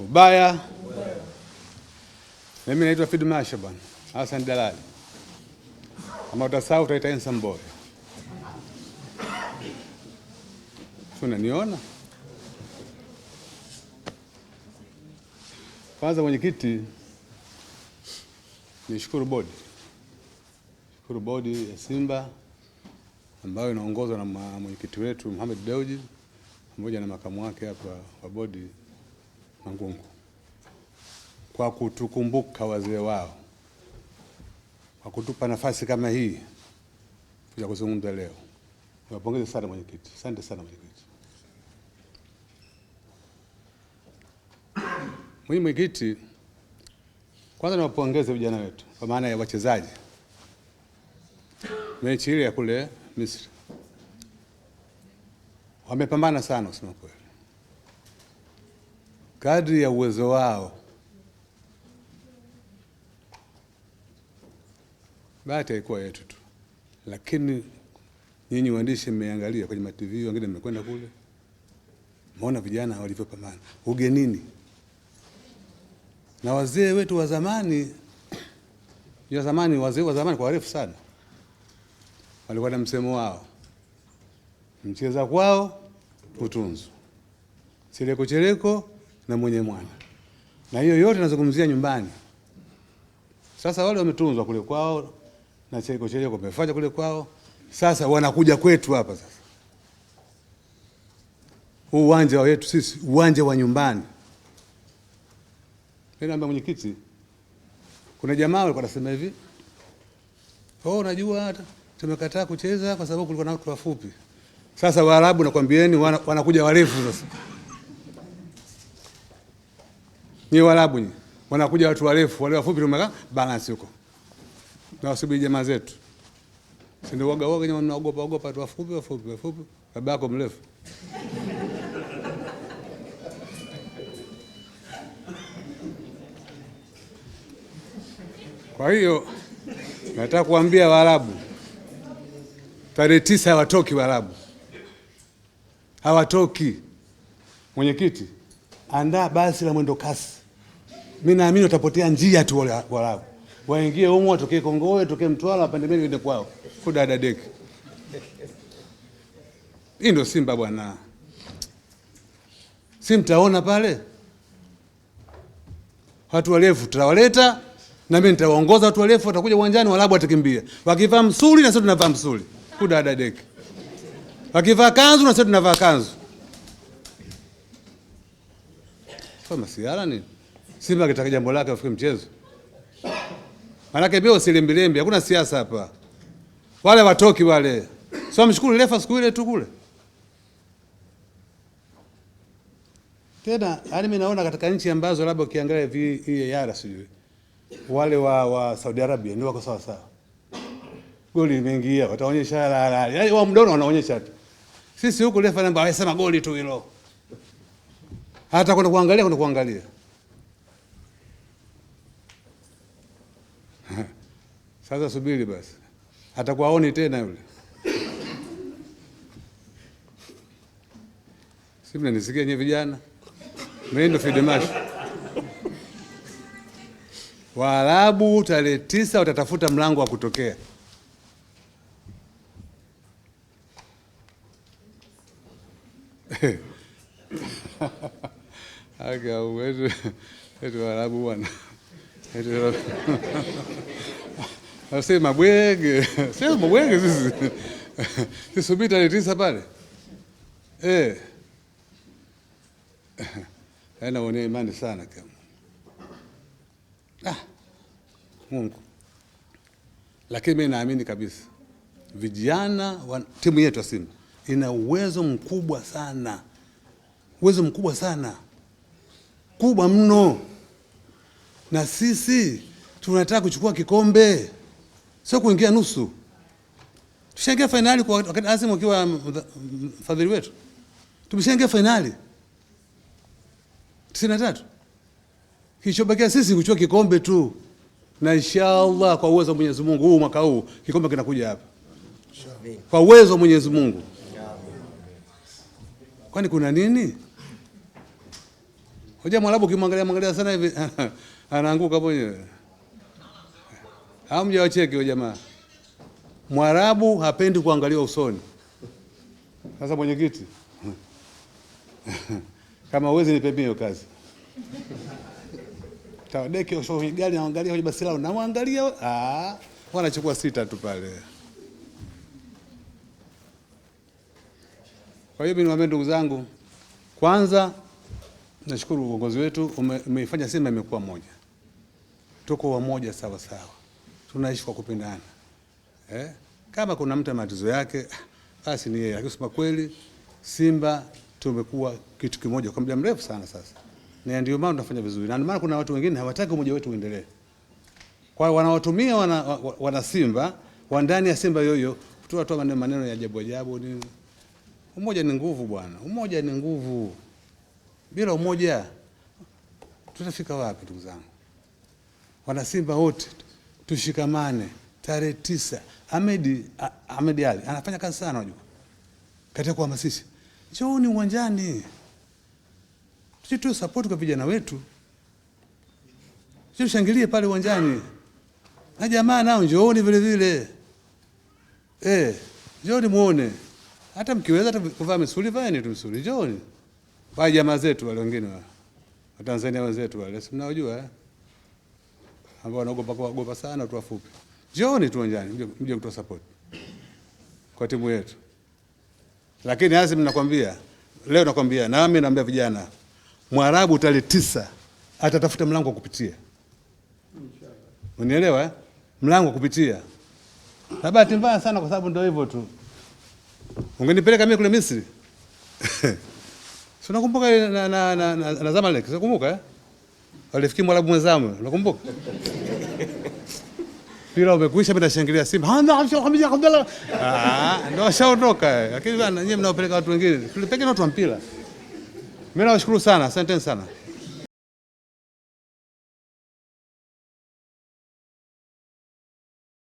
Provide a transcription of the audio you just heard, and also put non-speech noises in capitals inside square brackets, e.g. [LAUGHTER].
ubaya. Mimi naitwa Field Marshal bwana Hassan Dalali, kama utasahau utaita handsome boy. Unaniona? Kwanza mwenyekiti, nishukuru bodi, shukuru bodi ya Simba ambayo inaongozwa na mwenyekiti wetu Mohamed Deuji pamoja na makamu wake hapa wa bodi Mangungu kwa kutukumbuka wazee wao, kwa kutupa nafasi kama hii ya kuzungumza leo. Niwapongeze sana mwenyekiti, asante sana mwenyekiti. Mwenye mwenyekiti, kwanza niwapongeze vijana wetu kwa maana ya wachezaji, mechi ile ya kule Misri wamepambana sana kusema kweli kadri ya uwezo wao. Bahati haikuwa yetu tu, lakini nyinyi waandishi mmeangalia kwenye matv, wengine mmekwenda kule, mmeona vijana walivyopambana ugenini na wazee wetu wa zamani [CLEARS THROAT] ya zamani, wazee wa zamani kwa warefu sana, walikuwa na msemo wao, mcheza kwao utunzu, chereko chereko na mwenye mwana, na hiyo yote nazungumzia nyumbani. Sasa wale wametunzwa kule kwao na cheko cheko wamefanya kule kwao, sasa wanakuja kwetu hapa. Sasa huu uwanja wetu sisi, uwanja wa nyumbani. Naambia mwenyekiti, kuna jamaa walikuwa anasema hivi oh, unajua tumekataa kucheza kwa sababu kulikuwa na watu wafupi. Sasa Waarabu nakwambieni, wanakuja warefu sasa ni Waarabu ni wanakuja watu warefu, wale wafupi tumeka balance huko, na wasubiri jamaa zetu, si ndio? Waga waga jamaa, naogopa ogopa tu, wafupi wafupi wafupi, babako mrefu Kwa hiyo nataka kuambia Waarabu, tarehe tisa hawatoki Waarabu, hawatoki. Mwenyekiti, andaa basi la mwendo kasi mimi naamini watapotea njia tu wale Waarabu. Waingie humo watoke Kongowe, toke Mtwara, pande meli waende kwao. Kuda dadeki. Hii ndio Simba bwana. Si mtaona pale? Watu warefu tutawaleta na mimi nitawaongoza watu warefu watakuja uwanjani Waarabu watakimbia. Wakivaa msuli na sisi tunavaa msuli. Kuda dadeki. Wakivaa kanzu na sisi tunavaa kanzu. Kama siara nini? Simba akitaka jambo lake afike mchezo. Maanake mimi usilembelembe, hakuna siasa hapa. Wale watoki wale. Sio mshukuru refa siku ile tu kule. Tena hadi yaani mimi naona katika nchi ambazo labda ukiangalia hivi hii yara sijui. Wale wa, wa Saudi Arabia ndio wako sawa sawa. Goli imeingia, wataonyesha la la. Yaani wa mdono wanaonyesha tu. Sisi huku refa namba wasema goli tu hilo. Hata kwenda kuangalia kwenda kuangalia. Sasa subiri basi, atakuwa aoni tena yule. Si mnanisikia nye vijana, mimi ndo fidemash Waarabu tarehe tisa utatafuta mlango wa kutokea. [LAUGHS] Waarabu bwana sasa mabwege, sasa [LAUGHS] mabwege sisi. [LAUGHS] Sisi litisa pale. Eh. [LAUGHS] Ana yaani wone imani sana kama. Ah. Mungu. Lakini mimi naamini kabisa vijana wa timu yetu ya Simba ina uwezo mkubwa sana, uwezo mkubwa sana, kubwa mno, na sisi tunataka kuchukua kikombe sio kuingia nusu. Tushaingia fainali kwa wakati Azam akiwa mfadhili wetu, tumeshaingia fainali tisini na tatu. Kilichobakia sisi kuchukua kikombe tu, na inshallah kwa uwezo wa Mwenyezi Mungu huu mwaka huu kikombe kinakuja hapa kwa uwezo wa Mwenyezi Mungu. Kwani kuna nini? Hoja Mwarabu ukimwangalia mwangalia sana hivi [LAUGHS] anaanguka mwenyewe hamja wacheke wa jamaa, Mwarabu hapendi kuangaliwa usoni. Sasa mwenyekiti, [LAUGHS] kama uwezi nipemie hiyo kazi tawadeki kwenye gari naangalia kwenye basi lao namwangalia, wanachukua sita tu pale. Kwa hiyo niwaambie ndugu zangu, kwanza nashukuru uongozi wetu umeifanya Simba imekuwa moja, tuko wamoja sawa sawa tunaishi kwa kupendana eh? Kama kuna mtu ana matatizo yake basi ni yeye, lakini kusema kweli, Simba tumekuwa kitu kimoja kwa muda mrefu sana sasa, na ndio maana tunafanya vizuri, na ndio maana kuna watu wengine hawataki umoja wetu uendelee. Kwa hiyo wanawatumia wana, wana, Simba wa ndani ya Simba yoyo kutoa toa maneno maneno ya ajabu ajabu. Ni umoja ni nguvu bwana, umoja ni nguvu. Bila umoja tutafika wapi ndugu zangu, wana Simba wote tushikamane. Tarehe tisa Ahmed Ahmed Ali anafanya kazi sana, unajua katika kuhamasisha, njooni uwanjani, tuitoe support kwa vijana wetu, tushangilie pale uwanjani, na jamaa nao njooni vile vile, eh, njooni muone, hata mkiweza hata kuvaa misuli, vaeni tu misuli, njooni, kwa jamaa zetu wale wengine wa Tanzania wenzetu wale, si mnaojua eh? ambao wanaogopa kwa ogopa sana watu wafupi, jioni tu uwanjani mje kutoa support kwa timu yetu. Lakini lazima nakwambia leo, nakwambia nami naambia vijana, Mwarabu tarehe tisa atatafuta mlango wa kupitia, unielewa, eh? mlango wa kupitia. Na bahati mbaya sana, kwa sababu ndio hivyo tu. Ungenipeleka mimi kule Misri, [LAUGHS] si unakumbuka na, na, na, na, na Zamalek, unakumbuka eh? Alifikia mwalabu mwenzamu unakumbuka? Mpira umekwisha, mimi nashangilia Simba. Ah, ah ndio washaondoka. Lakini bana, nyinyi mnaopeleka watu wengine. Tulipeke watu wa mpira. Mimi nawashukuru sana, Asante sana.